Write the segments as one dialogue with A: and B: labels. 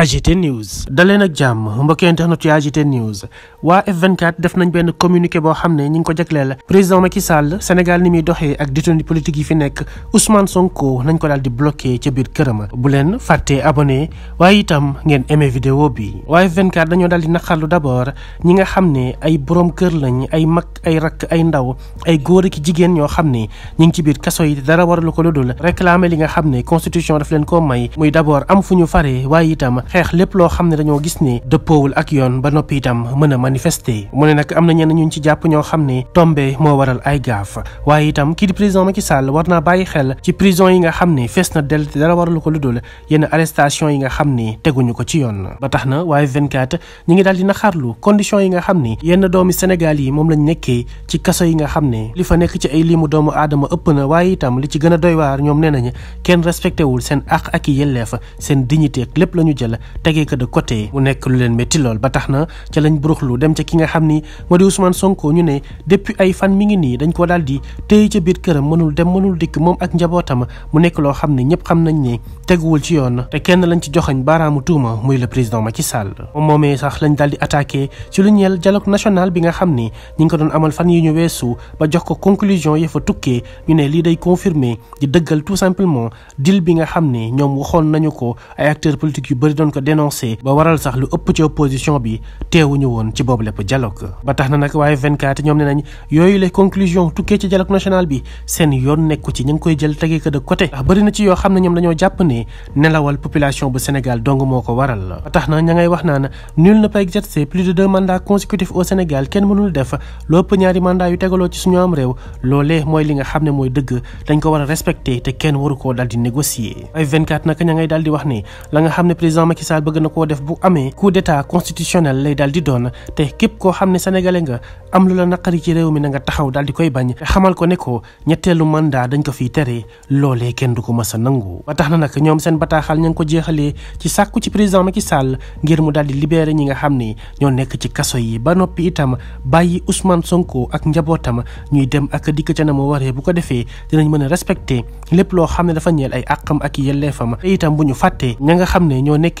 A: AGT News daleen ak jàmm mbokki internet nañ benn communiqué boo xam ne ñi ngi ko jagleel président Macky Sall Sénégal ni muy doxee ak détenu politique yi fi nekk Ousmane Sonko nañ ko daal di bloqué ca biir këram bu leen fàttee abonné waaye itam ngeen aimé vidéo bi waa F24 daal di naqarlu d'abord ñi nga xam ne ay borom kër lañ ay mag ay rakk ay ndaw ay góor ak jigéen ñoo xam ne ñi ngi ci biir kaso yi dara waralu ko lu dul réclamer li nga xam ne constitution daf leen koo may muy d'abord am fu ñu fare waaye itam xeex lépp loo xam ne dañoo gis ni dëppoowul ak yoon ba noppi itam mën a manifester mu ne nag am na ñu ñun ci jàpp ñoo xam ne tombe moo waral ay gaaf waaye itam kii di président Macky Sall war naa bàyyi xel ci prison yi nga xam ne fees na del dara waralu ko lu dul yenn arrestation yi xam ne teguñu ko ci yoon ba tax na waaye 24 ñi ngi daal di naxaarlu condition yi nga xam ne yenn doomi Sénégal yi moom lañ nekkee ci kaso yi nga xam ne li fa nekk ci ay limu doomu aadama ëpp na waaye itam li ci gën a doy waar ñoom nee nañu kenn respecté wul seen àq ak i seen dignité lépp la ñu jël la tegee ko de côté mu nekk lu leen métti ba tax na ca lañ buruxlu dem ca ki nga xam ni moo di Ousmane Sonko ñu ne depuis ay fan mi ngi nii dañ ko daal di ca biir këram mënul dem mënul dikk moom ak njabootam mu nekk loo xam ne ñëpp xam nañ ne teguwul ci yoon te kenn lañ ci joxañ baaraamu tuuma muy le président Macky Sall moom moomee sax lañ daal di ci lu ñeel dialogue national bi nga xam ni ñi ngi doon amal fan yi ñu weesu ba jox ko conclusion ya fa tukkee ñu ne lii day confirmer di dëggal tout simplement deal bi nga xam ne ñoom waxoon nañu ko ay acteurs politiques doon ko dénoncé ba waral sax lu ëpp ci opposition bi teewuñu woon ci boobu lépp dialogue ba tax na nag waaye 24 ñoom ne nañ yooyu les conclusions tukkee ci dialogue national bi seen yoon nekku ci ñu ngi koy jël tegee ko de côté ci yoo xam ne ñoom dañoo jàpp ne nelawal population bu Sénégal dong moo ko waral ba tax na ña ngay wax naan nul ëpp ñaari mandat yu tegaloo ci suñu am réew loolee mooy li nga xam ne mooy dëgg dañ ko war a Macky Sall bëgg na koo def bu amee coup d'état constitutionnel lay daal di doon te képp koo xam ne sénégalais nga am lu la naqari ci réew mi na nga taxaw daal di koy bañ xamal ko ne ko ñetteelu mandat dañ ko a nangu. ba tax na ñoom seen bataaxal ña ko jeexalee ci sàkku ci président Macky ngir mu daal di libéré ñi nga xam ne ñoo nekk ci kaso yi ba noppi itam bàyyi Ousmane Sonko ak njabootam ñuy dem ak dikk ca na mu waree bu ko defee dinañ mën a respecté lépp loo xam ne dafa ñeel ay àqam ak yelleefam te itam bu ñu fàttee ña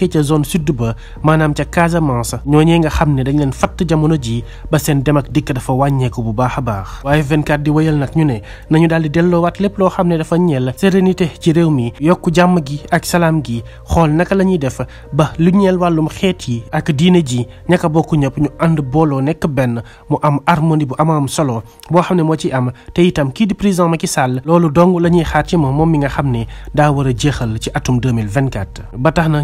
A: nekkee ca zone sud ba maanaam ca Casamance ñooñee nga xam ne dañ leen fatt jamono ji ba seen dem ak dikk dafa wàññeeku bu baax a baax waaye 24 di wéyal nag ñu ne nañu daal di delloowaat lépp loo xam ne dafa ñeel sérénité ci réew mi yokk jàmm gi ak salaam gi xool naka la ñuy def ba lu ñeel wàllum xeet yi ak diine ji ñaka bokk ñëpp ñu ànd booloo nekk benn mu am harmonie bu am am solo boo xam ne moo ci am te itam kii di président Macky Sall loolu dong la ñuy xaar ci moom moom mi nga xam ne daa war a jeexal ci atum 2024 ba tax na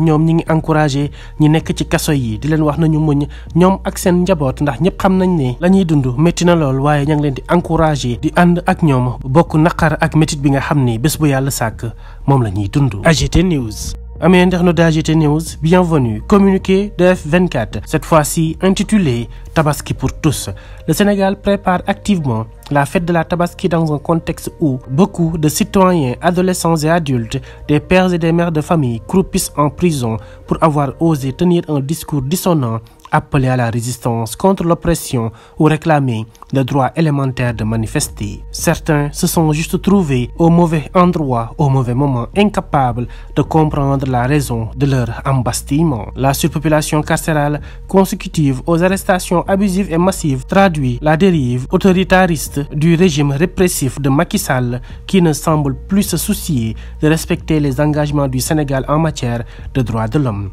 A: encouragé ñi nekk ci kaso yi di leen wax nañu muñ ñoom ak seen njaboot ndax ñëpp xam nañ ne la ñuy dund métti na lool waaye ña ngi leen di encouragé di ànd ak ñoom bokk naqar ak métit bi nga xam ni bés bu yàlla sàkk moom la ñuy dund AGT News Amis internautes d'AGT News, bienvenue. Communiqué de F24, cette fois-ci intitulé Tabaski pour tous. Le Sénégal prépare activement la fête de la Tabaski dans un contexte où beaucoup de citoyens, adolescents et adultes, des pères et des mères de famille croupissent en prison pour avoir osé tenir un discours dissonant appeler à la résistance contre l'oppression ou réclamer le droit élémentaire de manifester. Certains se sont juste trouvés au mauvais endroit, au mauvais moment, incapables de comprendre la raison de leur embastillement. La surpopulation carcérale consécutive aux arrestations abusives et massives traduit la dérive autoritariste du régime répressif de Macky Sall qui ne semble plus se soucier de respecter les engagements du Sénégal en matière de droits de l'homme.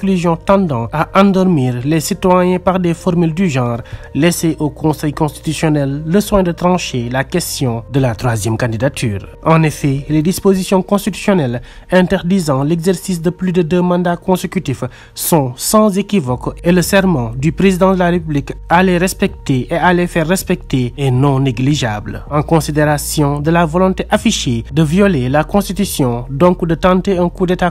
A: conclusions tendant à endormir les citoyens par des formules du genre laisser au Conseil constitutionnel le soin de trancher la question de la troisième candidature. En effet, les dispositions constitutionnelles interdisant l'exercice de plus de deux mandats consécutifs sont sans équivoque et le serment du président la République à les respecter et à non négligeable. En considération de la volonté affichée de violer la Constitution, donc de tenter un coup d'État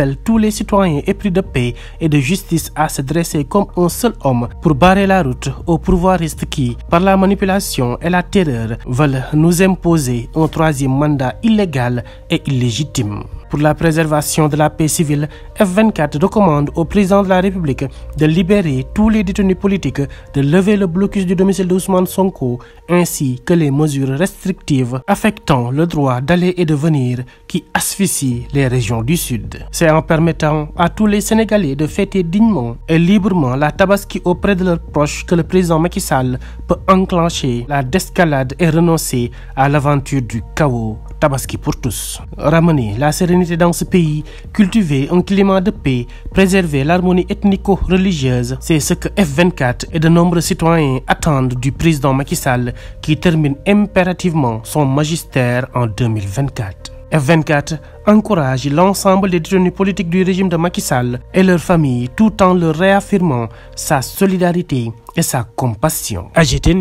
A: appelle tous les citoyens épris de paix et de justice à se dresser comme un seul homme pour barrer la route aux pouvoiristes qui, par la manipulation et la terreur, veulent nous imposer un troisième mandat illégal et illégitime. pour la préservation de la paix civile, F24 recommande au président de la République de libérer tous les détenus politiques, de lever le blocus du domicile d'Ousmane Sonko, ainsi que les mesures restrictives affectant le droit d'aller et de venir qui asphyxient les régions du Sud. C'est en permettant à tous les Sénégalais de fêter dignement et librement la tabaski auprès de leurs proches que le président Macky Sall peut enclencher la descalade et renoncer à l'aventure du chaos Tabaski pour tous. Ramener la sérénité dans ce pays, cultiver un climat de paix, préserver l'harmonie ethnico-religieuse, c'est ce que F24 et de nombreux citoyens attendent du président Macky Sall qui termine impérativement son magistère en 2024. F24 encourage l'ensemble des détenus politiques du régime de Macky Sall et leurs familles tout en leur réaffirmant sa solidarité et sa compassion. AGT